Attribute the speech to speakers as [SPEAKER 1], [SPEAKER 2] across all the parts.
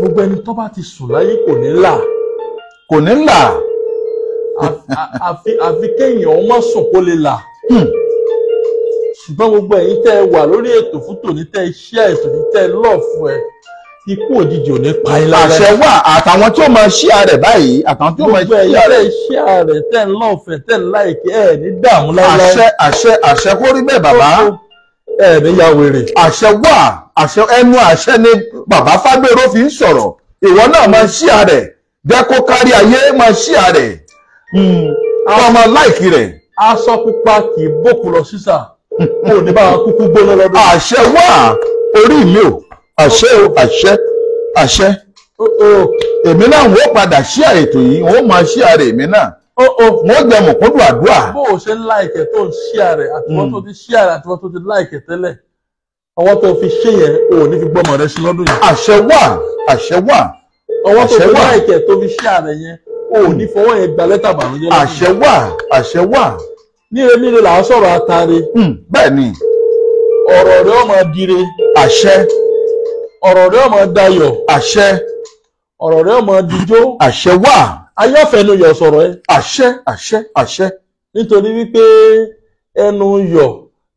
[SPEAKER 1] gbogbo ẹni tó bá ti sùn láyé kò ní là kò ní là àfi àfi kéèyàn ó má sùn kó lè là hmm. ṣùgbọ́n gbogbo ẹ̀yin tẹ́ ẹ wà lórí ètò fún tòní tẹ́ ẹ ṣí àìsàn ní tẹ́ ẹ lọ́ọ̀ fún ẹ ikú òjijì ò ní pa ẹ lára. àṣẹ wà àtàwọn tí ó máa ṣí ààrẹ báyìí àtàwọn tí ó máa ṣí ààrẹ. gbogbo ẹ̀yin tẹ́ ẹ ṣí ààrẹ tẹ́ ẹ lọ́ọ̀fẹ́ tẹ́ ẹ láìkẹ́ ẹ ní dààmú láéláé. àṣẹ àṣẹ àṣẹ kó bẹ́ẹ̀ bàbá. ẹ̀ẹ̀mí ya wèrè. àṣẹ wà àṣẹ ẹnu àṣẹ ni bàbá Fágbèrò fi ń sọ̀rọ̀ ìwọ náà máa ṣíà rẹ̀ jẹ́ kó kárí ayé máa ṣíà rẹ̀ hmm. kọ́ máa láìkí rẹ̀. aṣọ pupa kì í bòkú lọ sísà mo ní bá kúkú gbóná lọ́dún. àṣẹ wà orí mi o àṣẹ o àṣẹ àṣẹ èmi náà wọ́n padà ṣíà ètò yìí wọ́n máa ṣíà rẹ̀ èmi náà wọ́n gbẹ̀mọ̀ kúndùn àdúrà. bó o ṣe ń láìkẹ̀ tó ń ṣíà rẹ̀ àtiwọ́n tó ti ṣíà rẹ̀ àtiwọ́n tó ti láìkẹ̀ tẹ́lẹ̀ ọwọ́ tó fi ṣe yẹn o ò ní fi gbọ́mọ rẹ sí lọ́dún yìí. àṣẹ wà àṣẹ wà ọwọ́ tó fi láìkẹ̀ tó fi ṣe àrẹ yẹn o ò ní fọwọ́ yẹn gba lẹ́tà bàrúnjẹ́ lọ́dún yìí. àṣẹ wà àṣẹ wà. níre níre là á sọ̀rọ̀ atare. Hmm, bẹ́ẹ̀ ni. ọ̀rọ̀ rẹ ọmọ dire. àṣẹ. ọ̀rọ̀ rẹ ọmọ dayọ̀. àṣẹ. ọ̀rọ̀ rẹ ọmọ dijó. àṣẹ wà. ayọ́fẹ́nu yọ sọ̀rọ̀ ẹ.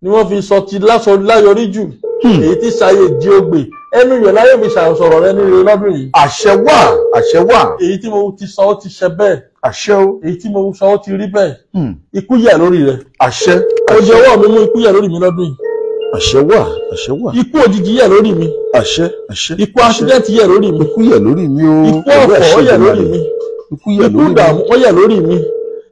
[SPEAKER 1] ni wọ́n fi sọ ti lásọ láyọrí jù. Hmm. èyí tí ṣayé di ogbè ẹnu yẹn láyé mi ṣàṣọrọ rẹ nílé lọ́dún yìí. àṣẹ wà àṣẹ wà. èyí tí mo ti sọ ó ti ṣe bẹ́ẹ̀. àṣẹ o. èyí tí mo sọ ó ti rí bẹ́ẹ̀. Hmm. ikú yà lórí rẹ. àṣẹ. ó jẹ ọwọ́ mi mú ikú yà lórí mi lọ́dún yìí. àṣẹ wà àṣẹ wà. ikú òjijì yà lórí mi. àṣẹ àṣẹ. ikú accident yà lórí mi. ikú yà lórí mi o. ikú ọ̀fọ̀ yà lórí mi. ikú yà lórí mi. ikú yà lórí mi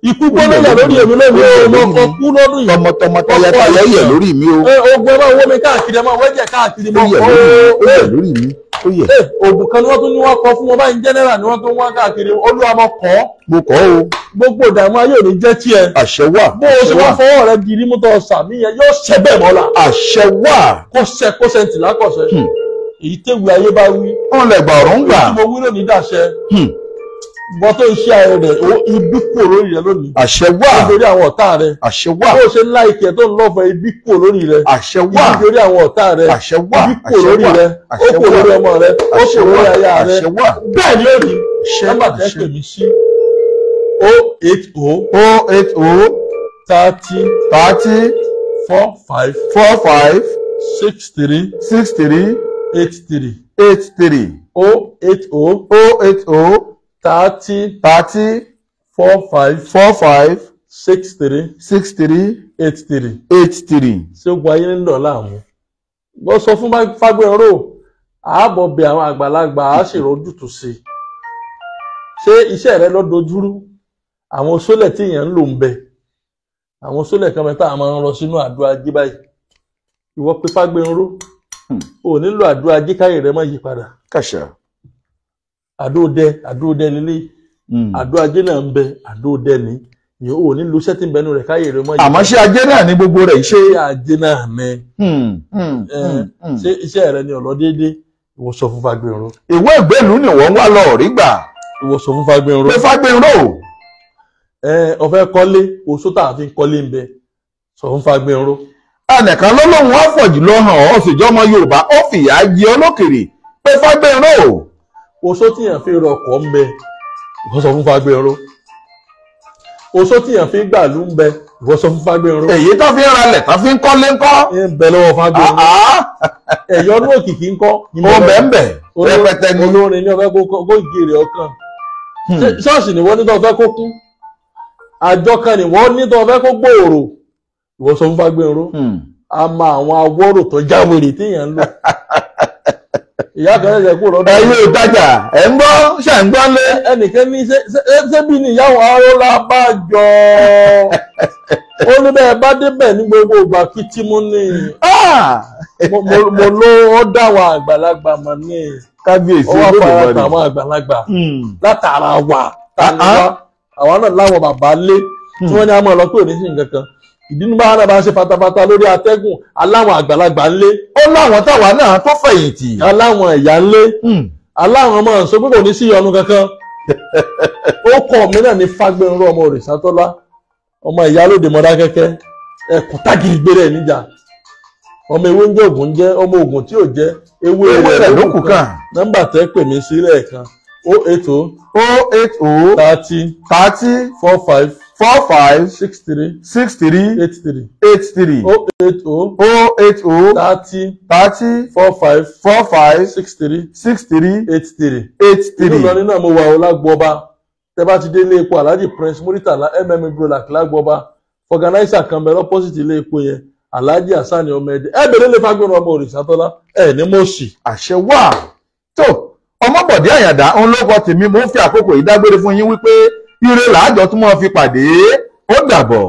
[SPEAKER 1] ikú gbọ́nlẹ̀ lórí èmi lónìí o mo kọ kú lọ́dún yìí tọmọtọmọ tayata lẹ́yẹ̀ lórí mi o. ogun ẹ máa wó mi káàkiri ẹ máa wẹ́jẹ̀ káàkiri mo kọ́ o. ó yẹ lórí mi ó yẹ. oògùn kan ni wọ́n tún ní wọ́n kọ fún wọn báyìí jẹ́nẹ́rà ni wọ́n tún wá káàkiri olúwa mo kọ́. mo kọ́ o. gbogbo ìdààmú ayé ò ní jẹ́ tiẹ̀. àṣẹ wà bó o ṣe wá fọwọ́ rẹ di rímú tó sàmì yẹn yóò ṣẹ bẹ́ẹ̀ mọ́la. àṣẹ wà. kọsẹ̀ kọsẹ̀ ntìlákọsẹ̀ hmm. èyí téwu ayé bá wí. ọ̀lẹ̀gbà ọ̀rọ̀ ń gbà. èyí tí mo wí lónìí dàṣẹ. Hmm bọ́ tó iṣẹ́ ayọ̀ rẹ̀ ibi kò lórí rẹ̀ lónìí. àṣẹ wà nítorí àwọn ọ̀tá rẹ̀. àṣẹ wà bó ṣe ńlá ike tó ń lọ́fọ̀ ibi kò lórí rẹ̀. àṣẹ wà nítorí àwọn ọ̀tá rẹ̀. àṣẹ wà ibi kò lórí rẹ̀ ó kò lórí ọmọ rẹ̀ ó kò lórí aya rẹ̀ bẹ́ẹ̀ ni ó rí nọ́mbà tẹ́sítọ̀ mi sí o eight o o eight o thirty thirty four five four five six three six three eight three eight three o eight o o eight o thirty. thirty. four five. four five. six three. six three. eight three. eight three. ṣé gbogbo ayé ń lọ láàmú. wọ́n sọ fún Fagbero ààbọ̀ bẹ àwọn àgbàlagbà á sì rọ́jútù sí i. ṣé iṣẹ́ rẹ lọ dojúrú àwọn sólẹ̀ tí èèyàn ń lò ń bẹ àwọn sólẹ̀ kan mẹ́ta àmọ́ ń lọ sínú àdúrà jí báyìí ìwọ pé Fagbero hmm. ò nílò àdúrà jí káyè rẹ má yí padà. kàṣà àdóòdẹ àdóòdẹ hmm. àdó ajé náà ń bẹ àdóòdẹ ni yìí ní lu rẹ̀ káyè mọ́ yìí. àmọ́ ajé náà ní gbogbo rẹ̀ ṣé. ajé náà ṣé iṣẹ́ rẹ ni ọ̀lọ́ ìwòsàn fún Fagbénró. ìwé ni wọ́n wá lọ gbà. ìwòsàn fún fún ẹnìkan lọ́lọ́run fọ̀jù oṣó tíyàn fi rọkọ̀ ń bẹ ìwọ́sọ fún fagbẹ́rún oṣó tíyàn fi gbàlú ń bẹ ìwọ́sọ fún fagbẹ́rún. èyí tó fi ralẹ̀ tó fi ń kọ́lé ńkọ́. ń bẹ lọ́wọ́ fagbẹ́rún ah, ah. ẹ̀yọ́ ní òkìkí ńkọ́. o bẹ̀ ń bẹ̀ rẹpẹtẹ ni. olórin ni ọfẹ kó gèrè ọkàn hmm. ṣọ́ọ̀ṣì ni wọ́n ní tó ọfẹ kó kún àjọ kan ni wọ́n ní tó ọfẹ kó gbòòrò ìwọ́sọ fún fagbẹ́rún hmm. a máa àwọn awọ́rò tó jáwèrè téèyàn ń lò. ìyá kan ṣẹ̀ṣẹ̀ kúrò lọ́dọ̀. ẹ̀yin òtajà ẹ ń gbọ́ ṣe ń gbọ́ lé. ẹnìkan ní ṣébí ni ìyáwó arọ́lá bá jọ ó ní bẹ́ẹ̀ bá débẹ̀ ní gbogbo ìgbà kí tí ah! mo mo ló ó dáwọn àgbàlagbà mọ̀ ní. kábíyèsí ó wà fara tàwọn àgbàlagbà hmm. látara wà tàníwá ah, ah. àwọn náà láwọn bàbá lé tí hmm. wọ́n ní a máa lọ pé òní sí nǹkan kan. ìdínú bá hànà bá ń ṣe pátápátá lórí atẹ́gùn aláwọn àgbàlagbà ńlé. ó láwọn táwa náà tó fẹ̀yìntì. aláwọn ẹ̀yà ńlé hmm. aláwọn ọmọ sọ pé kò ní sí ìyọnu kankan ó kọ mi náà ní fagbẹnrún ọmọ òrìṣàtọ́lá ọmọ ìyá ìyálóde kẹ́kẹ́ ẹkùn tágìrì gbére níjà ọmọ ewé ń jẹ ògùn jẹ ọmọ ògùn tí ò jẹ ewé rẹ lókù kan nọ́mbà tẹ pè mí sílẹ̀ kan o oh eight o oh o oh eight o thirty thirty four five. four five six three six three eight three eight three oh eight oh oh eight oh thirty thirty four five four five six three six three eight three eight three. inú ìlọrin náà mo wà ó lágbọ́ba tẹ bá ti dé ilé epo alhaji prince muritala mm brolac lágbọ́ba organizer kan bẹ̀rẹ̀ opposite ilé epo yẹn alhaji hasan ọmọdé ẹ bèrè lè fagbọnà ọmọ òrìṣàtọ́lá ẹ ní mo sì. àṣẹ wà tó ọmọbọ̀dé àyàndá ń lóko tèmi mo ń fi àkókò yìí fún yín wípé ire làá jọ tún máa fi pàdé ó dàbọ̀.